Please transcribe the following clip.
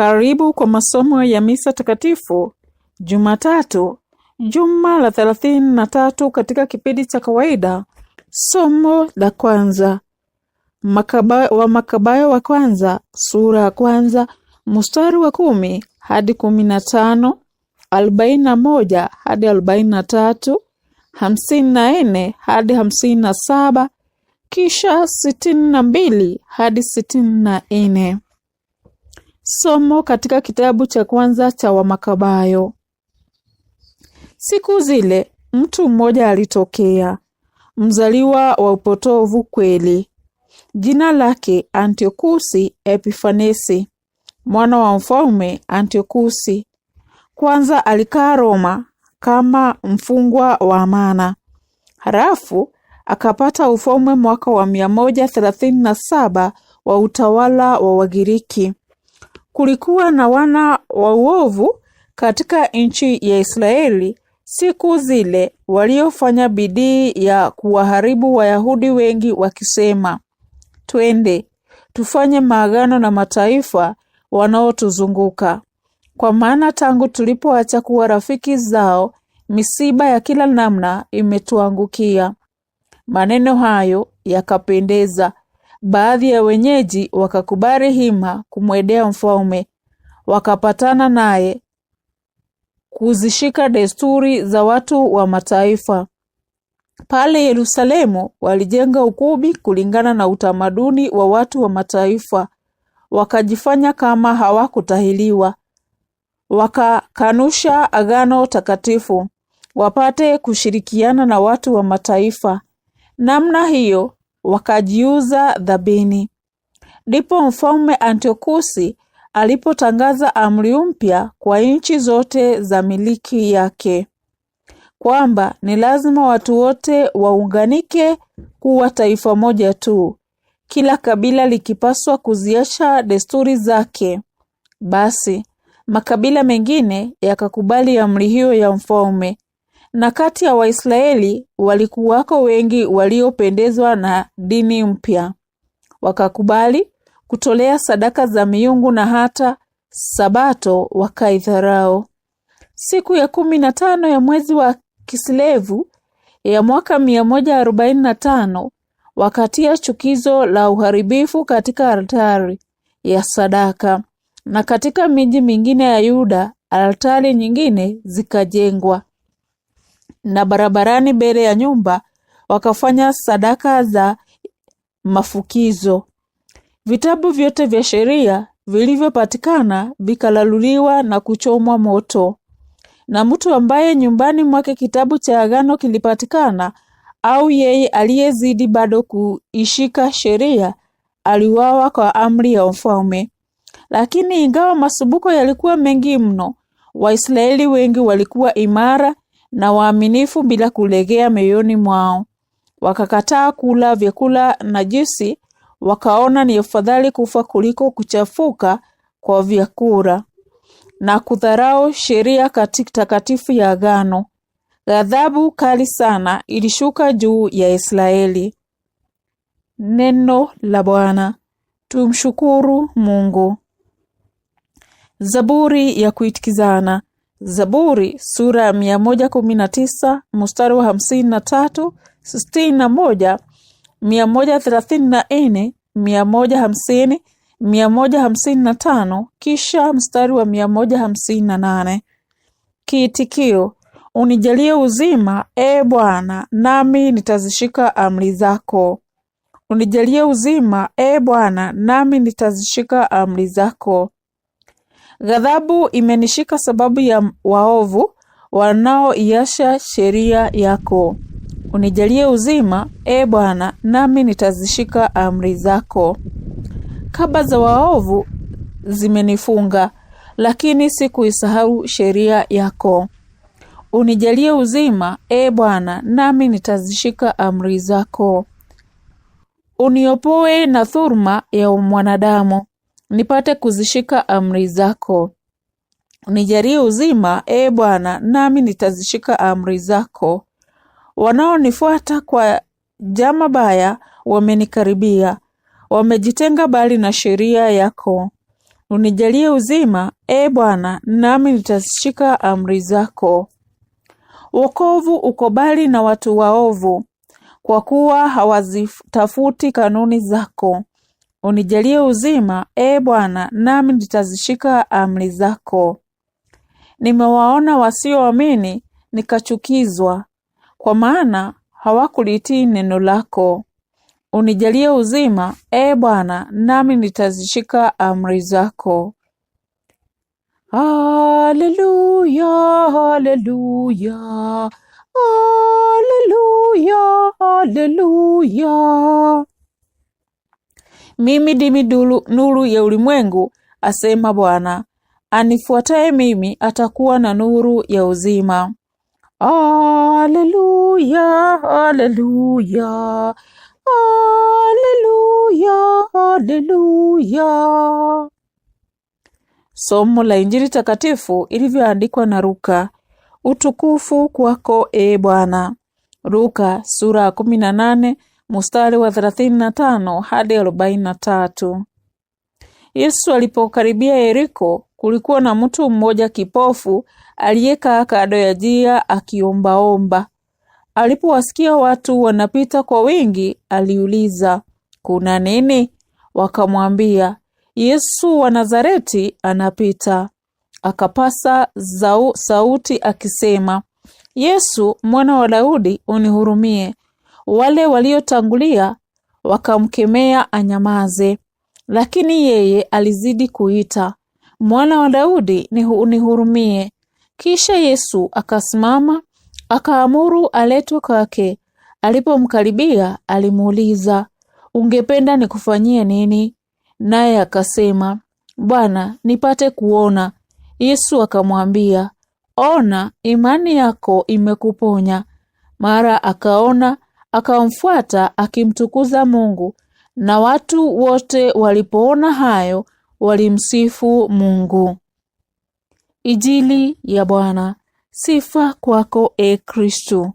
Karibu kwa masomo ya misa takatifu Jumatatu, juma la thelathini na tatu katika kipindi cha kawaida. Somo la kwanza Makaba, wa Makabayo wa kwanza sura ya kwanza mstari wa kumi hadi kumi na tano arobaini na moja hadi arobaini na tatu hamsini na nne hadi hamsini na saba kisha sitini na mbili hadi sitini na nne. Somo katika kitabu cha kwanza cha Wamakabayo. Siku zile mtu mmoja alitokea mzaliwa wa upotovu kweli, jina lake Antiokusi Epifanesi, mwana wa mfalme Antiokusi. Kwanza alikaa Roma kama mfungwa wa amana, halafu akapata ufalme mwaka wa mia moja thelathini na saba wa utawala wa Wagiriki kulikuwa na wana wa uovu katika nchi ya Israeli siku zile waliofanya bidii ya kuwaharibu Wayahudi wengi wakisema, twende tufanye maagano na mataifa wanaotuzunguka, kwa maana tangu tulipoacha kuwa rafiki zao misiba ya kila namna imetuangukia. Maneno hayo yakapendeza Baadhi ya wenyeji wakakubali hima kumwedea mfalme wakapatana naye kuzishika desturi za watu wa mataifa. Pale Yerusalemu walijenga ukubi kulingana na utamaduni wa watu wa mataifa, wakajifanya kama hawakutahiriwa, wakakanusha agano takatifu wapate kushirikiana na watu wa mataifa. Namna hiyo wakajiuza dhabini Ndipo mfalme Antiokusi alipotangaza amri mpya kwa nchi zote za miliki yake kwamba ni lazima watu wote waunganike kuwa taifa moja tu, kila kabila likipaswa kuziacha desturi zake. Basi makabila mengine yakakubali amri hiyo ya mfalme, na kati ya Waisraeli walikuwako wengi waliopendezwa na dini mpya, wakakubali kutolea sadaka za miungu na hata Sabato wakaidharau. Siku ya kumi na tano ya mwezi wa Kislevu ya mwaka mia moja arobaini na tano wakatia chukizo la uharibifu katika altari ya sadaka, na katika miji mingine ya Yuda altari nyingine zikajengwa na barabarani mbele ya nyumba wakafanya sadaka za mafukizo. Vitabu vyote vya sheria vilivyopatikana vikalaluliwa na kuchomwa moto. Na mtu ambaye nyumbani mwake kitabu cha agano kilipatikana au yeye aliyezidi bado kuishika sheria aliuawa kwa amri ya mfalme. Lakini ingawa masumbuko yalikuwa mengi mno, Waisraeli wengi walikuwa imara na waaminifu bila kulegea mioyoni mwao. Wakakataa kula vyakula na jusi wakaona ni afadhali kufa kuliko kuchafuka kwa vyakula na kudharau sheria takatifu ya agano. Ghadhabu kali sana ilishuka juu ya Israeli. Neno la Bwana. Tumshukuru Mungu. Zaburi ya kuitikizana. Zaburi sura ya 119 kumi na tisa mstari wa hamsini na tatu sitini na moja mia moja thelathini na nne hamsini hamsini na tano kisha mstari wa 158. hamsini na nane Kiitikio: unijalie uzima, e Bwana, nami nitazishika amri zako. Unijalie uzima, e Bwana, nami nitazishika amri zako. Ghadhabu imenishika sababu ya waovu wanaoiasha sheria yako. Unijalie uzima, e Bwana, nami nitazishika amri zako. Kaba za waovu zimenifunga, lakini sikuisahau sheria yako. Unijalie uzima, e Bwana, nami nitazishika amri zako. Uniopoe na thurma ya mwanadamu, nipate kuzishika amri zako. Unijalie uzima, e Bwana, nami nitazishika amri zako. Wanaonifuata kwa jama baya wamenikaribia, wamejitenga bali na sheria yako. Unijalie uzima, e Bwana, nami nitazishika amri zako. Wokovu uko bali na watu waovu, kwa kuwa hawazitafuti kanuni zako unijalie uzima, e Bwana, nami nitazishika amri zako. Nimewaona wasioamini nikachukizwa, kwa maana hawakulitii neno lako. Unijalie uzima, e Bwana, nami nitazishika amri zako. Haleluya, haleluya, haleluya, haleluya. Mimi ndimi nuru ya ulimwengu, asema Bwana. Anifuataye mimi atakuwa na nuru ya uzima. Aleluya, aleluya, aleluya, aleluya. Somo la Injili takatifu ilivyoandikwa na Luka. Utukufu kwako, e Bwana. Luka sura ya kumi na nane mstari wa 35 hadi 43. Yesu alipokaribia Yeriko, kulikuwa na mtu mmoja kipofu aliyekaa kando ya njia akiombaomba. Alipowasikia watu wanapita kwa wingi, aliuliza kuna nini? Wakamwambia, Yesu wa Nazareti anapita. Akapasa zau sauti akisema, Yesu mwana wa Daudi, unihurumie. Wale waliotangulia wakamkemea anyamaze, lakini yeye alizidi kuita, Mwana wa Daudi, nihurumie. Kisha Yesu akasimama akaamuru aletwe kwake. Alipomkaribia alimuuliza, ungependa nikufanyie nini? Naye akasema, Bwana, nipate kuona. Yesu akamwambia, ona, imani yako imekuponya. Mara akaona Akamfuata akimtukuza Mungu na watu wote walipoona hayo walimsifu Mungu. Ijili ya Bwana. Sifa kwako, E Kristo.